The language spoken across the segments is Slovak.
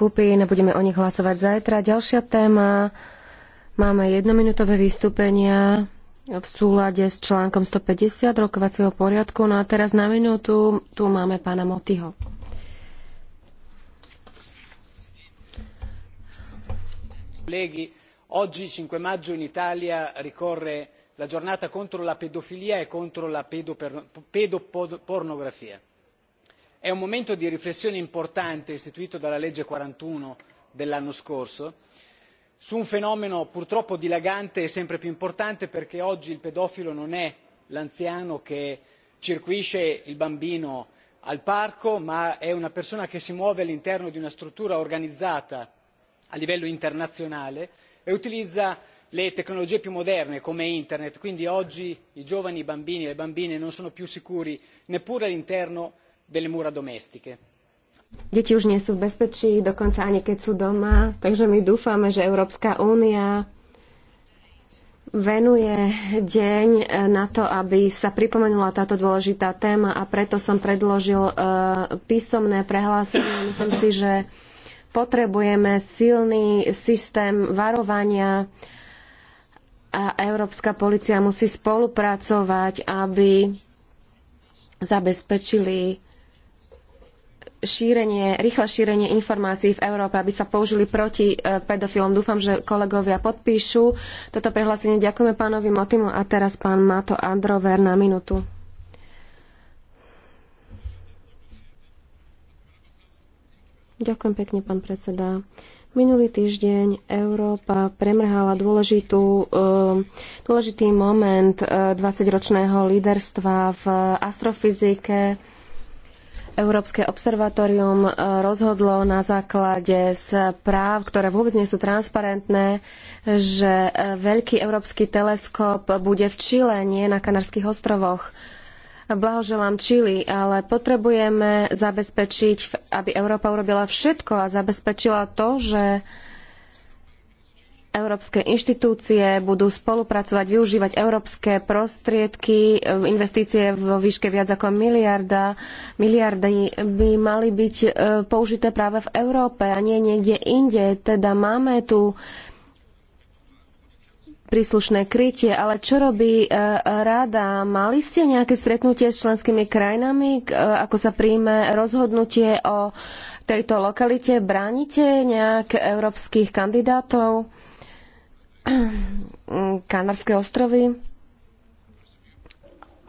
skupín. Budeme o nich hlasovať zajtra. Ďalšia téma. Máme jednominútové vystúpenia v súlade s článkom 150 rokovacieho poriadku. No a teraz na minútu tu máme pána Motyho. Colleghi, oggi 5 maggio in Italia ricorre la giornata contro la pedofilia e contro la pedopornografia è un momento di riflessione importante istituito dalla legge n. quarantuno dell'anno scorso su un fenomeno purtroppo dilagante e sempre più importante perché oggi il pedofilo non è l'anziano che circuisce il bambino al parco ma è una persona che si muove all'interno di una struttura organizzata a livello internazionale e utilizza le tecnologie più moderne come internet quindi oggi i giovani i bambini e le bambine non sono più sicuri neppure all'interno delle mura domestiche. Deti už nie sú v bezpečí, dokonca ani keď sú doma, takže my dúfame, že Európska únia venuje deň na to, aby sa pripomenula táto dôležitá téma a preto som predložil e, písomné prehlásenie. Myslím si, že potrebujeme silný systém varovania a Európska policia musí spolupracovať, aby zabezpečili šírenie, rýchle šírenie informácií v Európe, aby sa použili proti e, pedofilom. Dúfam, že kolegovia podpíšu toto prehlásenie. Ďakujeme pánovi Motimu a teraz pán Mato Androver na minútu. Ďakujem pekne, pán predseda. Minulý týždeň Európa premrhala dôležitú, e, dôležitý moment 20-ročného e, líderstva v astrofyzike Európske observatórium e, rozhodlo na základe správ, ktoré vôbec nie sú transparentné, že e, veľký európsky teleskop bude v Čile, nie na Kanárskych ostrovoch. Blahoželám Čili, ale potrebujeme zabezpečiť, aby Európa urobila všetko a zabezpečila to, že Európske inštitúcie budú spolupracovať, využívať európske prostriedky, ehm, investície vo výške viac ako miliarda, miliardy by mali byť ehm, použité práve v Európe a nie niekde inde. Teda máme tu príslušné krytie, ale čo robí ehm, rada? Mali ste nejaké stretnutie s členskými krajinami, ako sa príjme rozhodnutie o tejto lokalite? Bránite nejak európskych kandidátov? Kanárske ostrovy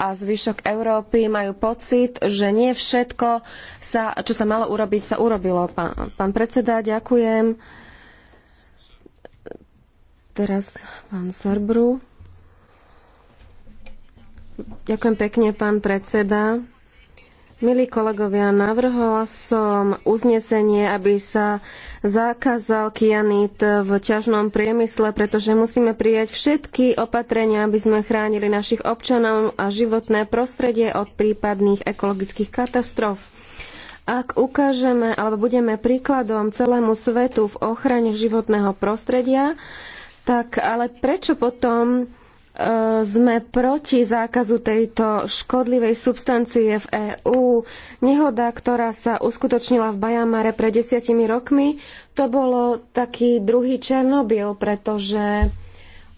a zvyšok Európy majú pocit, že nie všetko, sa, čo sa malo urobiť, sa urobilo. Pán, pán predseda, ďakujem. Teraz pán Serbru. Ďakujem pekne, pán predseda. Milí kolegovia, navrhla som uznesenie, aby sa zakázal kianit v ťažnom priemysle, pretože musíme prijať všetky opatrenia, aby sme chránili našich občanov a životné prostredie od prípadných ekologických katastrof. Ak ukážeme alebo budeme príkladom celému svetu v ochrane životného prostredia, tak ale prečo potom sme proti zákazu tejto škodlivej substancie v EÚ. Nehoda, ktorá sa uskutočnila v Bajamare pred desiatimi rokmi, to bolo taký druhý Černobyl, pretože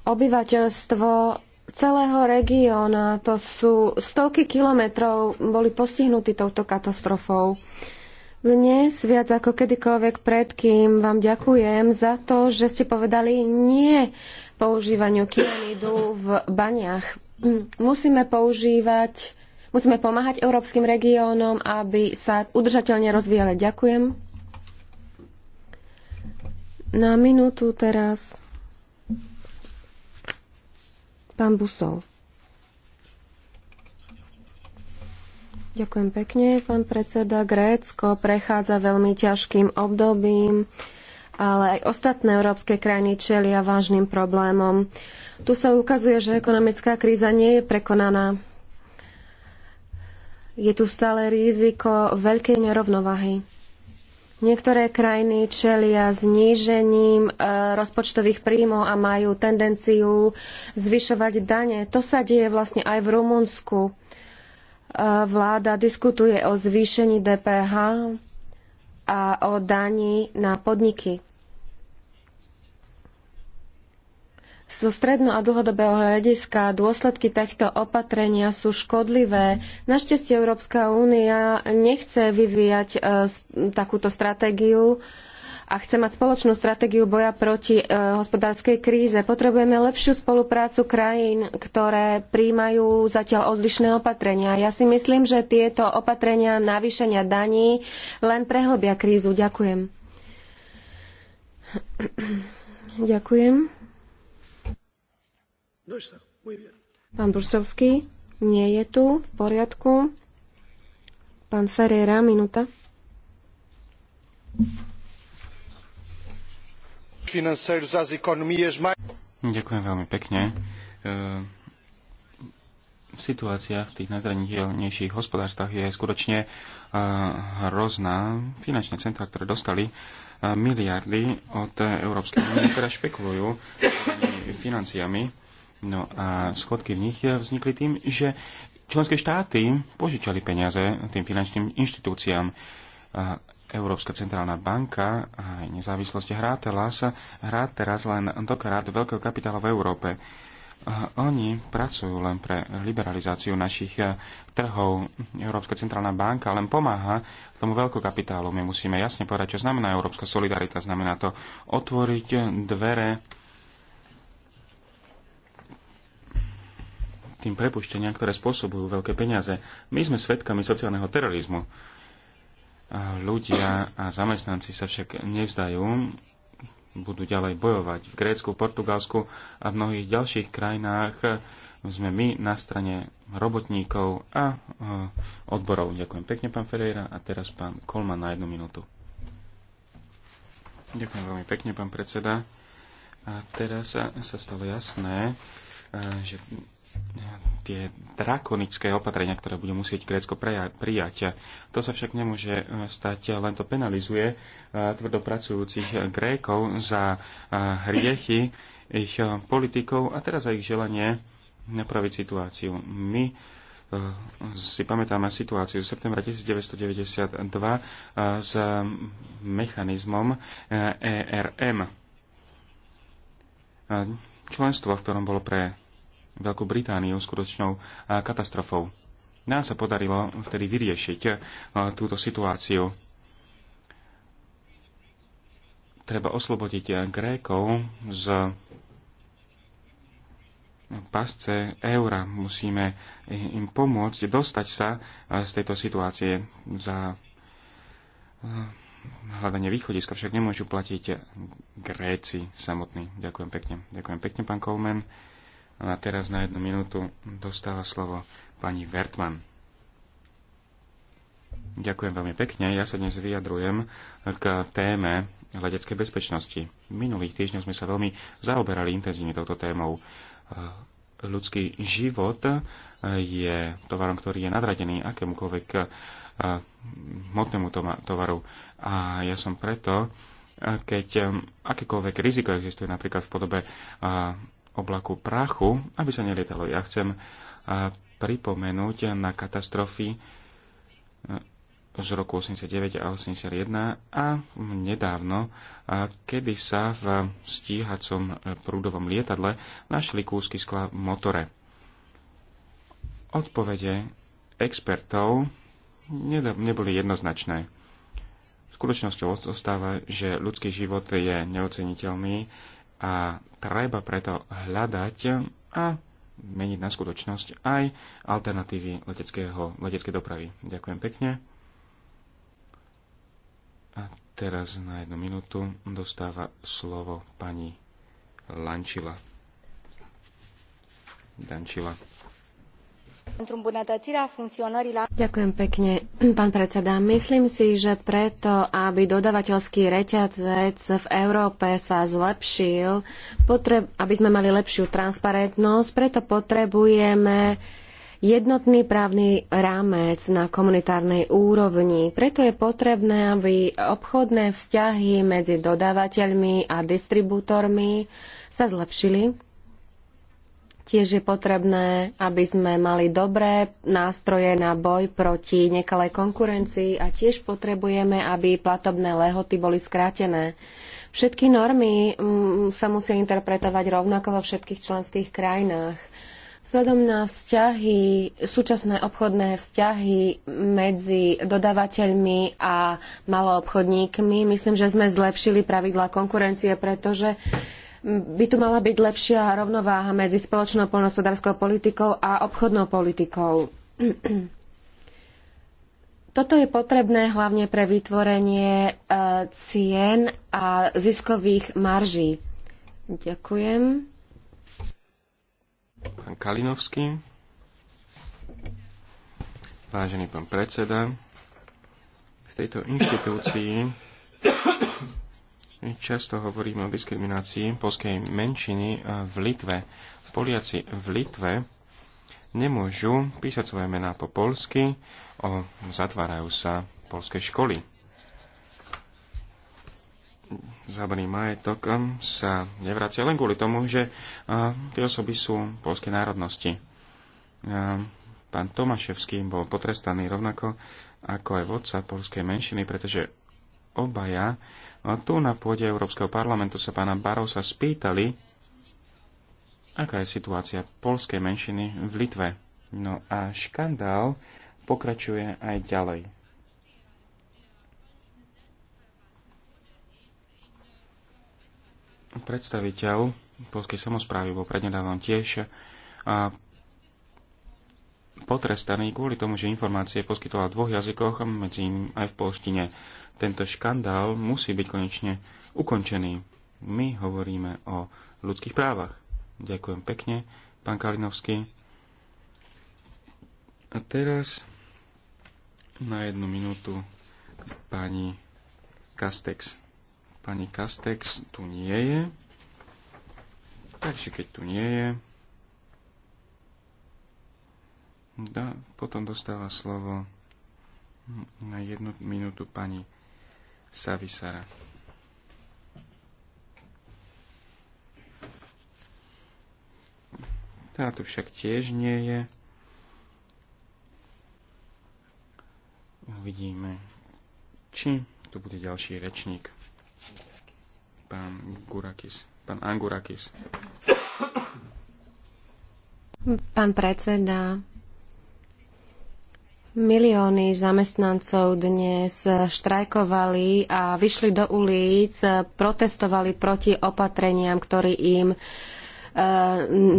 obyvateľstvo celého regióna, to sú stovky kilometrov, boli postihnutí touto katastrofou. Uh, dnes viac ako kedykoľvek predkým vám ďakujem za to, že ste povedali nie používaniu kyanidu v baniach. Musíme používať, musíme pomáhať európskym regiónom, aby sa udržateľne rozvíjali. Ďakujem. Na minútu teraz pán Busov. Ďakujem pekne, pán predseda. Grécko prechádza veľmi ťažkým obdobím, ale aj ostatné európske krajiny čelia vážnym problémom. Tu sa ukazuje, že ekonomická kríza nie je prekonaná. Je tu stále riziko veľkej nerovnováhy. Niektoré krajiny čelia znížením e, rozpočtových príjmov a majú tendenciu zvyšovať dane. To sa deje vlastne aj v Rumunsku vláda diskutuje o zvýšení DPH a o daní na podniky. Zo stredno- a dlhodobého hľadiska dôsledky tohto opatrenia sú škodlivé. Našťastie Európska únia nechce vyvíjať e, takúto stratégiu, a chce mať spoločnú stratégiu boja proti e, hospodárskej kríze. Potrebujeme lepšiu spoluprácu krajín, ktoré príjmajú zatiaľ odlišné opatrenia. Ja si myslím, že tieto opatrenia navýšenia daní len prehlbia krízu. Ďakujem. Ďakujem. Pán Brusovský nie je tu, v poriadku. Pán Ferreira, minúta financeiros às economias mais... Ďakujem veľmi pekne. E, Situácia v tých najzraniteľnejších hospodárstvách je skutočne e, hrozná. Finančné centra, ktoré dostali e, miliardy od Európskej únie, ktoré špekulujú financiami. No a schodky v nich vznikli tým, že členské štáty požičali peniaze tým finančným inštitúciám. Európska centrálna banka a nezávislosť hrátela sa hrá teraz len dokrát veľkého kapitálu v Európe. Oni pracujú len pre liberalizáciu našich eh, trhov. Európska centrálna banka len pomáha tomu veľkokapitálu. My musíme jasne povedať, čo znamená európska solidarita. Znamená to otvoriť dvere tým prepuštenia, ktoré spôsobujú veľké peniaze. My sme svedkami sociálneho terorizmu Ľudia a zamestnanci sa však nevzdajú, budú ďalej bojovať. V Grécku, Portugalsku a v mnohých ďalších krajinách sme my na strane robotníkov a e, odborov. Ďakujem pekne, pán Ferreira. A teraz pán Kolman na jednu minútu. Ďakujem veľmi pekne, pán predseda. A teraz sa stalo jasné, e, že e, tie drakonické opatrenia, ktoré bude musieť Grécko prijať. To sa však nemôže e, stať, len to penalizuje e, tvrdopracujúcich Grékov za e, hriechy ich politikov a teraz aj ich želanie napraviť situáciu. My si pamätáme situáciu z septembra 1992 s mechanizmom ERM. Členstvo, v ktorom bolo pre Veľkú Britániu skutočnou katastrofou. Nám sa podarilo vtedy vyriešiť túto situáciu. Treba oslobodiť Grékov z pasce eura. Musíme im pomôcť dostať sa z tejto situácie za hľadanie východiska však nemôžu platiť Gréci samotní. Ďakujem pekne. Ďakujem pekne, pán Coleman. A teraz na jednu minútu dostáva slovo pani Vertman. Ďakujem veľmi pekne. Ja sa dnes vyjadrujem k téme leteckej bezpečnosti. V minulých týždňoch sme sa veľmi zaoberali intenzívne touto témou. E, ľudský život e, je tovarom, ktorý je nadradený akémukoľvek e, hmotnému tovaru. A ja som preto, keď akékoľvek riziko existuje napríklad v podobe oblaku prachu, aby sa nelietalo. Ja chcem eh, pripomenúť na katastrofy eh, z roku 89 a 81 a nedávno, eh, kedy sa v stíhacom prúdovom lietadle našli kúsky skla v motore. Odpovede expertov neboli jednoznačné. Skutočnosťou ostáva, že ľudský život je neoceniteľný a treba preto hľadať a meniť na skutočnosť aj alternatívy leteckého, leteckej dopravy. Ďakujem pekne. A teraz na jednu minútu dostáva slovo pani Lančila. Dančila. Ďakujem pekne, pán predseda. Myslím si, že preto, aby dodavateľský reťazec v Európe sa zlepšil, potreb, aby sme mali lepšiu transparentnosť, preto potrebujeme jednotný právny rámec na komunitárnej úrovni. Preto je potrebné, aby obchodné vzťahy medzi dodávateľmi a distribútormi sa zlepšili Tiež je potrebné, aby sme mali dobré nástroje na boj proti nekalej konkurencii a tiež potrebujeme, aby platobné lehoty boli skrátené. Všetky normy mm, sa musia interpretovať rovnako vo všetkých členských krajinách. Vzhľadom na vzťahy, súčasné obchodné vzťahy medzi dodávateľmi a maloobchodníkmi, myslím, že sme zlepšili pravidla konkurencie, pretože by tu mala byť lepšia rovnováha medzi spoločnou poľnohospodárskou politikou a obchodnou politikou. Toto je potrebné hlavne pre vytvorenie e, cien a ziskových marží. Ďakujem. Pán Kalinovský. Vážený pán predseda, v tejto inštitúcii Často hovoríme o diskriminácii polskej menšiny v Litve. Poliaci v Litve nemôžu písať svoje mená po polsky, o, zatvárajú sa polské školy. Zabraný majetok um, sa nevracia len kvôli tomu, že tie osoby sú polskej národnosti. A, pán Tomaševský bol potrestaný rovnako ako aj vodca polskej menšiny, pretože obaja tu na pôde Európskeho parlamentu sa pána Barosa spýtali, aká je situácia polskej menšiny v Litve. No a škandál pokračuje aj ďalej. Predstaviteľ polskej samozprávy bol prednedávom tiež a potrestaný kvôli tomu, že informácie poskytoval v dvoch jazykoch, medzi iným aj v polštine. Tento škandál musí byť konečne ukončený. My hovoríme o ľudských právach. Ďakujem pekne, pán Kalinovský. A teraz na jednu minútu pani Kastex. Pani Kastex tu nie je. Takže keď tu nie je, da, potom dostáva slovo na jednu minútu pani Savisara. Táto však tiež nie je. Uvidíme, či tu bude ďalší rečník. Pán Gurakis. Pán Angurakis. Pán predseda, Milióny zamestnancov dnes štrajkovali a vyšli do ulic, protestovali proti opatreniam, ktorý im e,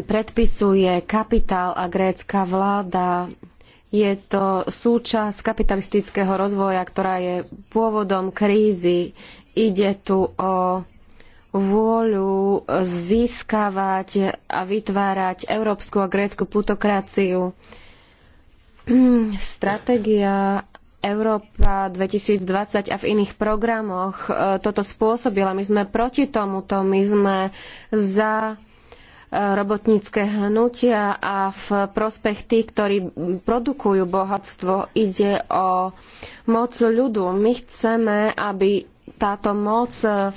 predpisuje kapitál a grécka vláda. Je to súčasť kapitalistického rozvoja, ktorá je pôvodom krízy. Ide tu o vôľu získavať a vytvárať európsku a grécku plutokraciu. Stratégia Európa 2020 a v iných programoch e, toto spôsobila. My sme proti tomuto, my sme za e, robotnícke hnutia a v prospech tých, ktorí produkujú bohatstvo, ide o moc ľudu. My chceme, aby táto moc e,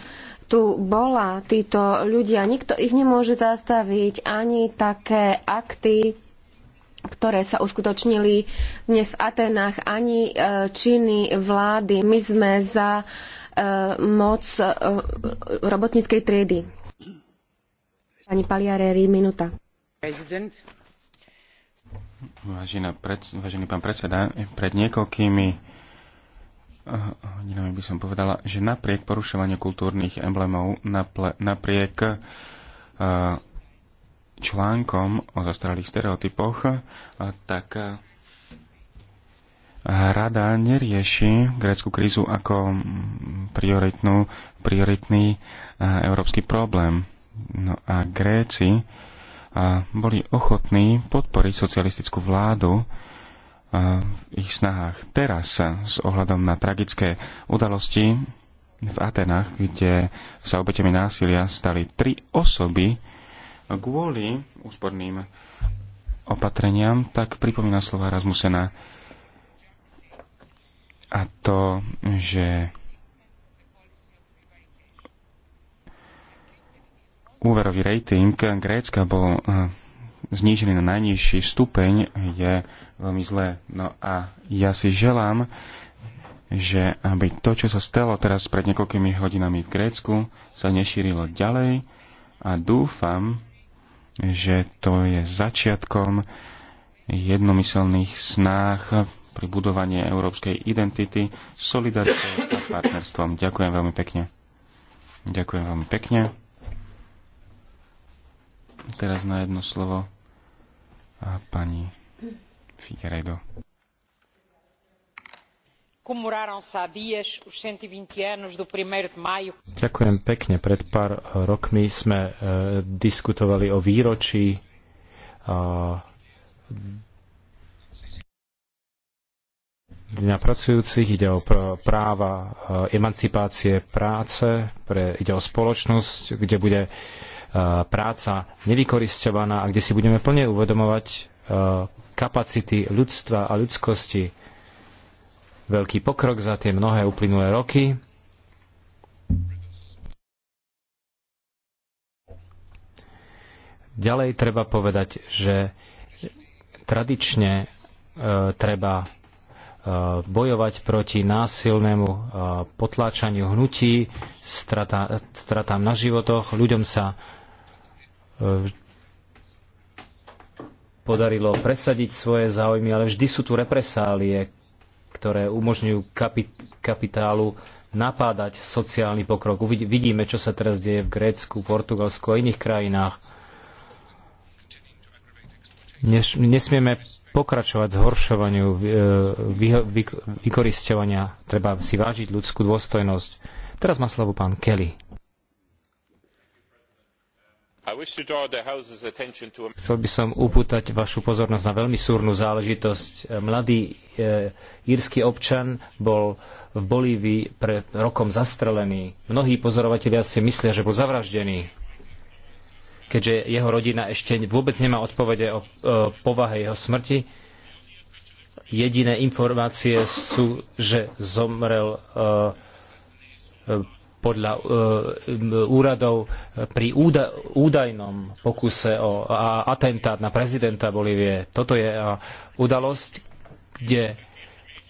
tu bola, títo ľudia. Nikto ich nemôže zastaviť, ani také akty, ktoré sa uskutočnili dnes v Atenách, ani e, činy vlády. My sme za e, moc e, robotníckej triedy. Pani Paliareri, minúta. vážený pán predseda, pred niekoľkými hodinami by som povedala, že napriek porušovaniu kultúrnych emblemov, napriek článkom o zastaralých stereotypoch, tak rada nerieši grécku krízu ako mm, prioritnú, prioritný európsky problém. No a Gréci boli ochotní podporiť socialistickú vládu v ich snahách. Teraz s ohľadom na tragické udalosti v Atenách, kde sa obetemi násilia stali tri osoby, kvôli úsporným opatreniam, tak pripomína slova Rasmusena a to, že úverový rating Grécka bol eh, znížený na najnižší stupeň, je veľmi zlé. No a ja si želám, že aby to, čo sa stalo teraz pred niekoľkými hodinami v Grécku, sa nešírilo ďalej a dúfam, že to je začiatkom jednomyselných snách pri budovaní európskej identity, solidarite a partnerstvom. Ďakujem veľmi pekne. Ďakujem veľmi pekne. Teraz na jedno slovo a pani Figueiredo. E Ďakujem pekne. Pred pár eh, rokmi sme eh, diskutovali o výročí a, Dňa pracujúcich, ide o práva eh, emancipácie práce, pre, ide o spoločnosť, kde bude práca nevykoristovaná a kde si budeme plne uvedomovať kapacity ľudstva a ľudskosti veľký pokrok za tie mnohé uplynulé roky. Ďalej treba povedať, že tradične e, treba e, bojovať proti násilnému e, potláčaniu hnutí, strata, stratám na životoch. Ľuďom sa e, podarilo presadiť svoje záujmy, ale vždy sú tu represálie, ktoré umožňujú kapitálu napádať sociálny pokrok. Vidíme, čo sa teraz deje v Grécku, Portugalsku a iných krajinách. Nesmieme pokračovať zhoršovaniu e, vykorisťovania. Treba si vážiť ľudskú dôstojnosť. Teraz má slovo pán Kelly. Chcel by som upútať vašu pozornosť na veľmi súrnu záležitosť. Mladý e, írsky občan bol v Bolívii pred rokom zastrelený. Mnohí pozorovatelia si myslia, že bol zavraždený, keďže jeho rodina ešte vôbec nemá odpovede o e, povahe jeho smrti. Jediné informácie sú, že zomrel e, podľa e, úradov e, pri údajnom pokuse o atentát na prezidenta Bolívie. Toto je e, udalosť, kde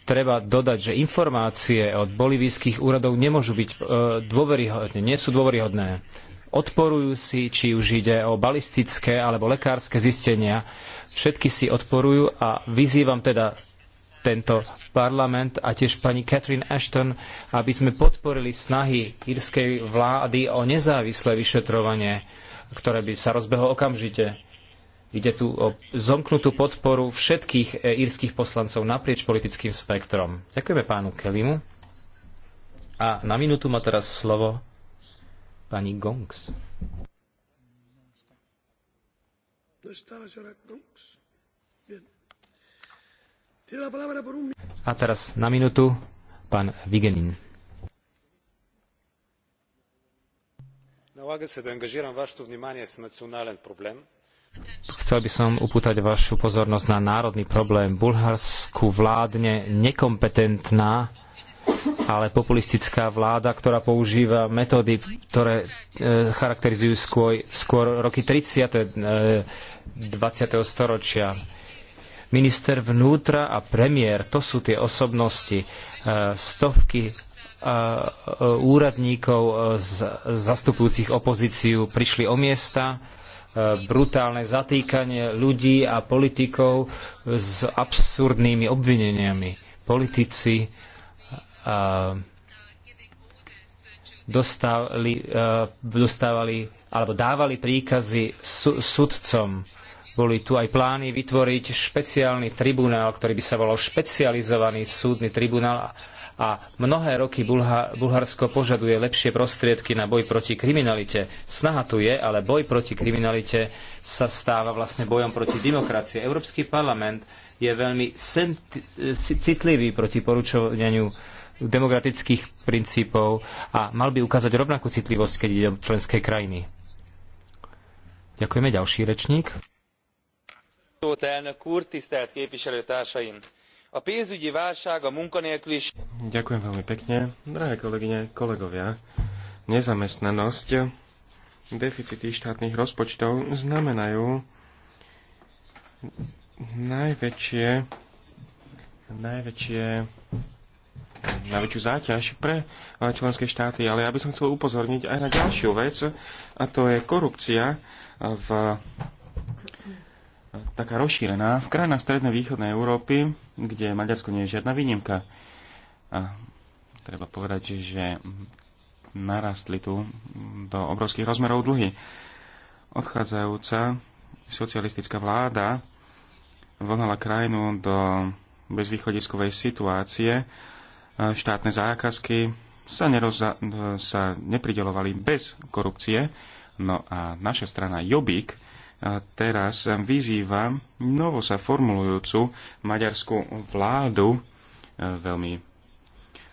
treba dodať, že informácie od bolivijských úradov nemôžu byť dôveryhodné, nie sú dôveryhodné. Odporujú si, či už ide o balistické alebo lekárske zistenia, všetky si odporujú a vyzývam teda tento parlament a tiež pani Catherine Ashton, aby sme podporili snahy írskej vlády o nezávislé vyšetrovanie, ktoré by sa rozbehlo okamžite. Ide tu o zomknutú podporu všetkých e, írskych poslancov naprieč politickým spektrom. Ďakujeme pánu Kelimu. A na minútu má teraz slovo pani Gongs. No a teraz na minútu pán Vigenin. Chcel by som upútať vašu pozornosť na národný problém. Bulharsku vládne nekompetentná, ale populistická vláda, ktorá používa metódy, ktoré e, charakterizujú skôr, skôr roky 30. E, 20. storočia Minister vnútra a premiér, to sú tie osobnosti, e, stovky e, e, úradníkov zastupujúcich opozíciu prišli o miesta, brutálne zatýkanie ľudí a politikov s absurdnými obvineniami. Politici dostávali, dostávali alebo dávali príkazy sudcom boli tu aj plány vytvoriť špeciálny tribunál, ktorý by sa volal špecializovaný súdny tribunál a mnohé roky Bulharsko požaduje lepšie prostriedky na boj proti kriminalite. Snaha tu je, ale boj proti kriminalite sa stáva vlastne bojom proti demokracii. Európsky parlament je veľmi citlivý proti poručovaniu demokratických princípov a mal by ukázať rovnakú citlivosť, keď ide o členské krajiny. Ďakujeme. Ďalší rečník a pénzügyi válság, a munkanélküliség... Ďakujem veľmi pekne. Drahé kolegyne, kolegovia, nezamestnanosť, deficity štátnych rozpočtov znamenajú najväčšie, najväčšie najväčšiu záťaž pre členské štáty. Ale ja by som chcel upozorniť aj na ďalšiu vec, a to je korupcia v taká rozšírená v krajinách strednej východnej Európy, kde Maďarsko nie je žiadna výnimka. A treba povedať, že narastli tu do obrovských rozmerov dlhy. Odchádzajúca socialistická vláda vonala krajinu do bezvýchodiskovej situácie. Štátne zákazky sa, sa nepridelovali bez korupcie. No a naša strana Jobik teraz vyzývam novo sa formulujúcu maďarskú vládu e, veľmi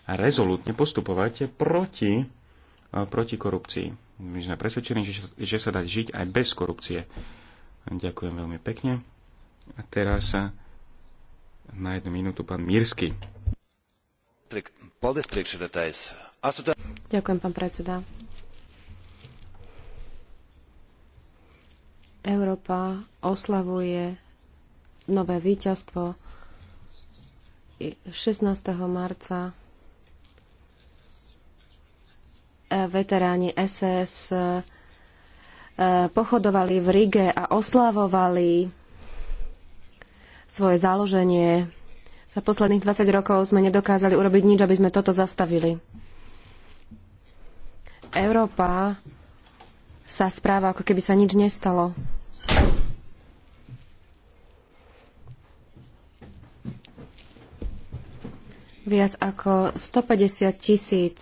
rezolutne postupovať proti, e, proti korupcii. My sme presvedčení, že, že sa dá žiť aj bez korupcie. Ďakujem veľmi pekne. A teraz e, na jednu minútu pán Mírsky. Ďakujem, pán predseda. Európa oslavuje nové víťazstvo 16. marca e, veteráni SS e, pochodovali v Rige a oslavovali svoje založenie. Za posledných 20 rokov sme nedokázali urobiť nič, aby sme toto zastavili. Európa sa správa, ako keby sa nič nestalo. viac ako 150 tisíc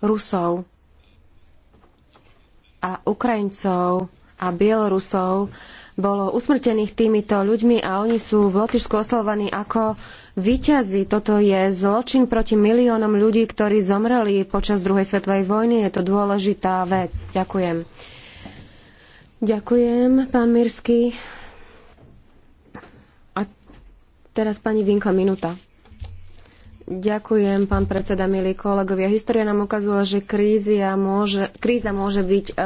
Rusov a Ukrajincov a Bielorusov bolo usmrtených týmito ľuďmi a oni sú v Lotyšsku oslovaní ako výťazi. Toto je zločin proti miliónom ľudí, ktorí zomreli počas druhej svetovej vojny. Je to dôležitá vec. Ďakujem. Ďakujem, pán Mirsky. A teraz pani Vinka minúta. Ďakujem, pán predseda, milí kolegovia. História nám ukazuje, že môže, kríza môže byť e, e,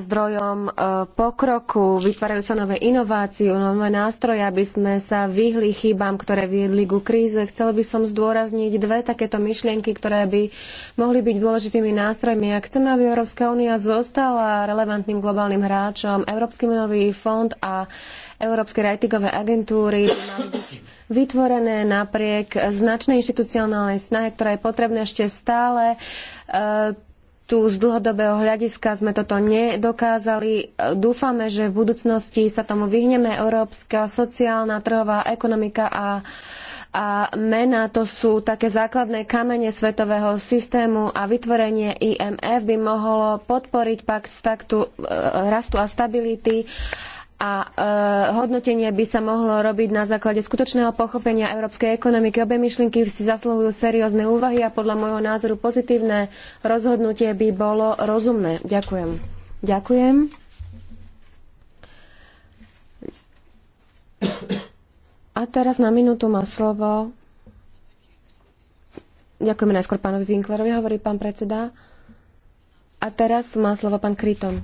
zdrojom e, pokroku, vytvárajú sa nové inovácie, nové nástroje, aby sme sa vyhli chybám, ktoré viedli ku kríze. Chcela by som zdôrazniť dve takéto myšlienky, ktoré by mohli byť dôležitými nástrojmi. Ak chceme, aby Európska únia zostala relevantným globálnym hráčom, Európsky menový fond a Európske ratingové agentúry by mali byť vytvorené napriek značnej inštitucionálnej snahe, ktorá je potrebná ešte stále. E, tu z dlhodobého hľadiska sme toto nedokázali. E, dúfame, že v budúcnosti sa tomu vyhneme. Európska sociálna trhová ekonomika a a mena to sú také základné kamene svetového systému a vytvorenie IMF by mohlo podporiť pakt z taktu e, rastu a stability a e, hodnotenie by sa mohlo robiť na základe skutočného pochopenia európskej ekonomiky. Obe myšlienky si zasluhujú seriózne úvahy a podľa môjho názoru pozitívne rozhodnutie by bolo rozumné. Ďakujem. Ďakujem. A teraz na minútu má slovo. Ďakujeme najskôr pánovi Winklerovi, hovorí pán predseda. A teraz má slovo pán Kryton.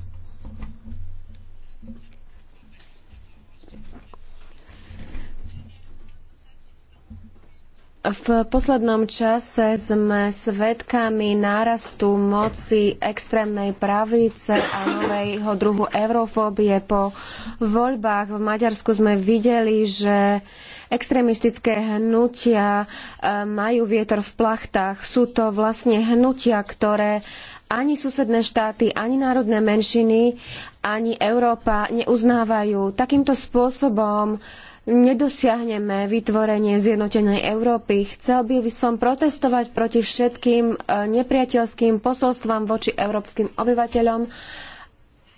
V poslednom čase sme svedkami nárastu moci extrémnej pravice a nového druhu eurofóbie. Po voľbách v Maďarsku sme videli, že extrémistické hnutia eh, majú vietor v plachtách. Sú to vlastne hnutia, ktoré ani susedné štáty, ani národné menšiny, ani Európa neuznávajú. Takýmto spôsobom nedosiahneme vytvorenie zjednotenej Európy. Chcel by som protestovať proti všetkým e, nepriateľským posolstvám voči európskym obyvateľom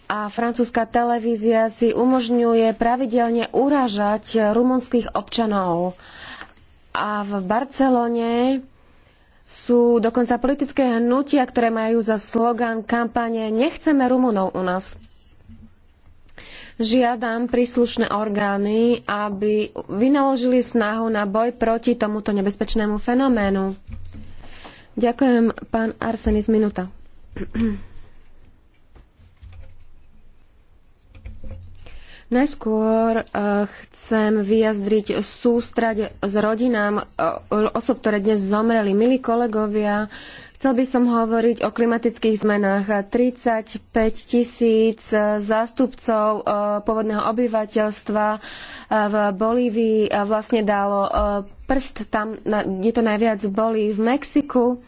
a francúzska televízia si umožňuje pravidelne urážať rumunských občanov. A v Barcelone sú dokonca politické hnutia, ktoré majú za slogan kampane Nechceme Rumunov u nás žiadam príslušné orgány, aby vynaložili snahu na boj proti tomuto nebezpečnému fenoménu. Ďakujem, pán Arsenis, Minuta. Najskôr eh, chcem vyjadriť sústrať s rodinám eh, osob, ktoré dnes zomreli. Milí kolegovia, Chcel by som hovoriť o klimatických zmenách. 35 tisíc e, zástupcov e, pôvodného obyvateľstva e, v Bolívii vlastne dalo prst tam, kde to najviac boli, v Mexiku.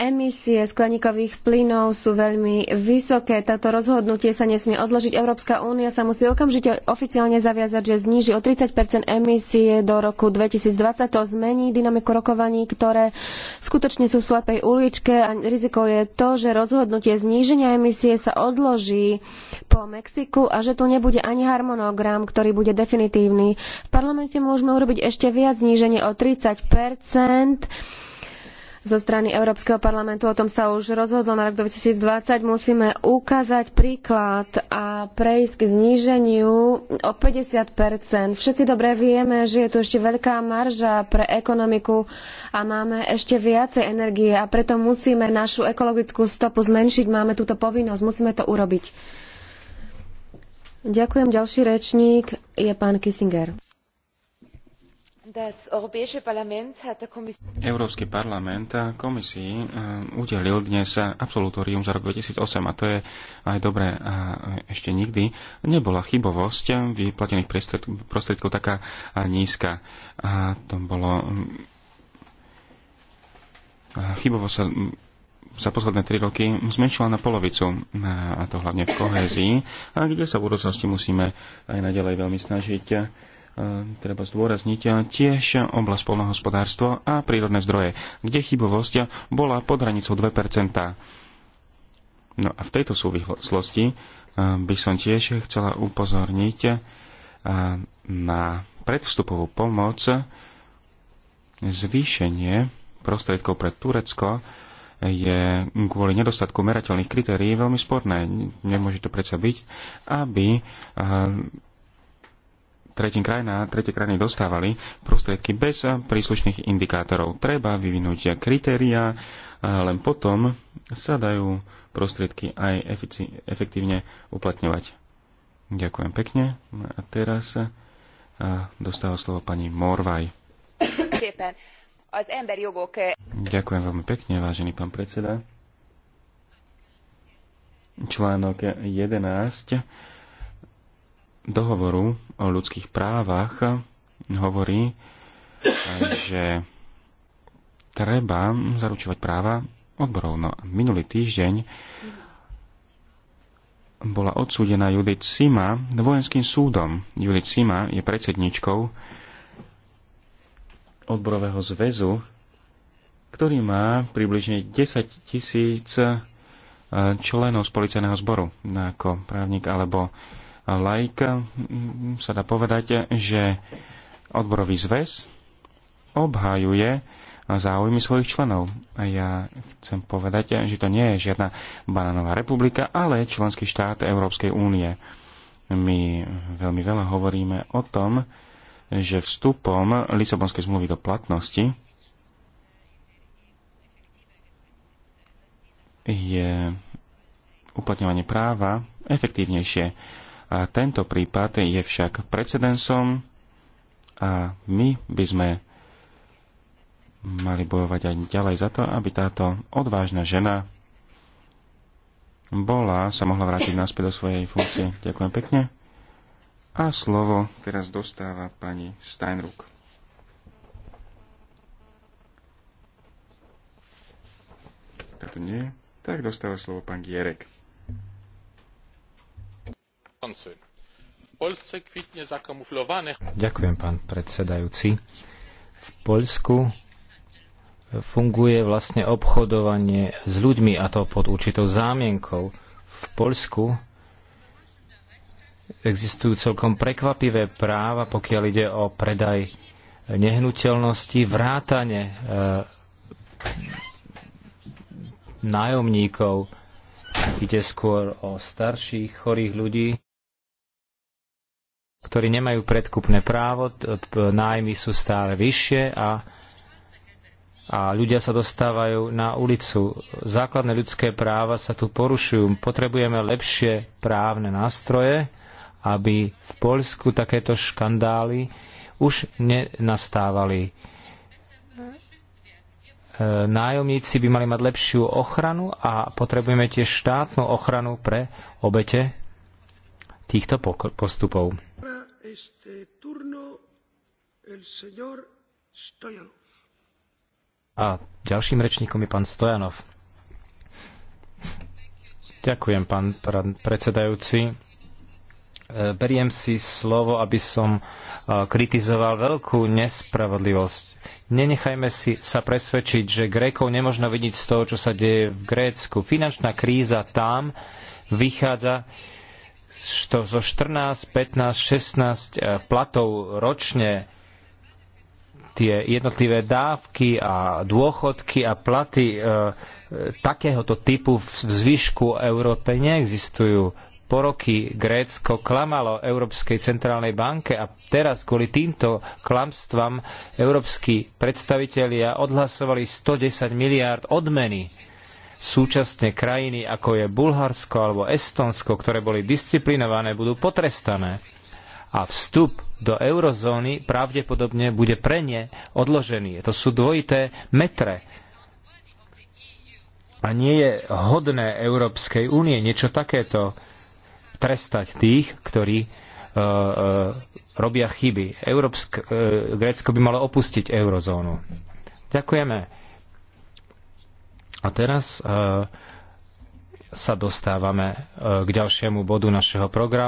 Emisie skleníkových plynov sú veľmi vysoké. Toto rozhodnutie sa nesmie odložiť. Európska únia sa musí okamžite oficiálne zaviazať, že zníži o 30 emisie do roku 2020. To zmení dynamiku rokovaní, ktoré skutočne sú v slepej uličke a riziko je to, že rozhodnutie zníženia emisie sa odloží po Mexiku a že tu nebude ani harmonogram, ktorý bude definitívny. V parlamente môžeme urobiť ešte viac zníženie o 30 zo strany Európskeho parlamentu. O tom sa už rozhodlo na rok 2020. Musíme ukázať príklad a prejsť k zníženiu o 50 Všetci dobre vieme, že je tu ešte veľká marža pre ekonomiku a máme ešte viacej energie a preto musíme našu ekologickú stopu zmenšiť. Máme túto povinnosť, musíme to urobiť. Ďakujem. Ďalší rečník je pán Kissinger. Európsky parlament a komisii eh, udelil dnes absolutórium za rok 2008 a to je aj dobré a ešte nikdy nebola chybovosť vyplatených prostriedkov taká nízka. A to bolo mm, chybovo sa mm, za posledné 3 roky zmenšila na polovicu, a to hlavne v kohézii, a kde sa v budúcnosti musíme aj naďalej veľmi snažiť E, treba zdôrazniť e, tiež oblasť polnohospodárstvo a prírodné zdroje, kde chybovosť bola pod hranicou 2 No a v tejto súvislosti e, by som tiež chcela upozorniť na predvstupovú pomoc zvýšenie prostriedkov pre Turecko je kvôli nedostatku merateľných kritérií veľmi sporné. Nemôže to predsa byť, aby tretín krajina, tretie krajiny dostávali prostriedky bez eh, príslušných indikátorov. Treba vyvinúť kritéria, eh, len potom sa dajú prostriedky aj efektívne uplatňovať. Ďakujem pekne. No a teraz eh, dostáva slovo pani Morvaj. Ďakujem veľmi pekne, vážený pán predseda. Článok 11 dohovoru o ľudských právach hovorí, že treba zaručovať práva odborov. No, minulý týždeň bola odsúdená Judith Sima vojenským súdom. Judith Sima je predsedničkou odborového zväzu, ktorý má približne 10 tisíc eh, členov z policajného zboru. Ako právnik alebo laik mm, sa dá povedať, že odborový zväz obhajuje záujmy svojich členov. A ja chcem povedať, že to nie je žiadna banánová republika, ale členský štát Európskej únie. My veľmi veľa hovoríme o tom, že vstupom Lisabonskej zmluvy do platnosti je uplatňovanie práva efektívnejšie. A tento prípad je však precedensom a my by sme mali bojovať aj ďalej za to, aby táto odvážna žena bola, sa mohla vrátiť naspäť do svojej funkcie. Ďakujem pekne. A slovo teraz dostáva pani Steinruck. nie. Tak dostáva slovo pán Gierek. Ďakujem, pán predsedajúci. V Poľsku e, funguje vlastne obchodovanie s ľuďmi a to pod určitou zámienkou. V Poľsku existujú celkom prekvapivé práva, pokiaľ ide o predaj nehnuteľnosti, vrátane e, nájomníkov. Ide skôr o starších, chorých ľudí ktorí nemajú predkupné právo, nájmy sú stále vyššie a, a ľudia sa dostávajú na ulicu. Základné ľudské práva sa tu porušujú. Potrebujeme lepšie právne nástroje, aby v Poľsku takéto škandály už nenastávali. E, nájomníci by mali mať lepšiu ochranu a potrebujeme tiež štátnu ochranu pre obete týchto postupov. A ďalším rečníkom je pán Stojanov. Ďakujem, pán predsedajúci. E, beriem si slovo, aby som e, kritizoval veľkú nespravodlivosť. Nenechajme si sa presvedčiť, že Grékov nemožno vidieť z toho, čo sa deje v Grécku. Finančná kríza tam vychádza zo so 14, 15, 16 platov ročne tie jednotlivé dávky a dôchodky a platy e, takéhoto typu v, v zvyšku Európe neexistujú. Po roky Grécko klamalo Európskej centrálnej banke a teraz kvôli týmto klamstvám európsky predstavitelia odhlasovali 110 miliárd odmeny súčasne krajiny ako je Bulharsko alebo Estonsko, ktoré boli disciplinované, budú potrestané. A vstup do eurozóny pravdepodobne bude pre ne odložený. To sú dvojité metre. A nie je hodné Európskej únie niečo takéto trestať tých, ktorí uh, uh, robia chyby. Európsk, uh, Grécko by malo opustiť eurozónu. Ďakujeme. A teraz eh, sa dostávame eh, k ďalšiemu bodu našeho programu.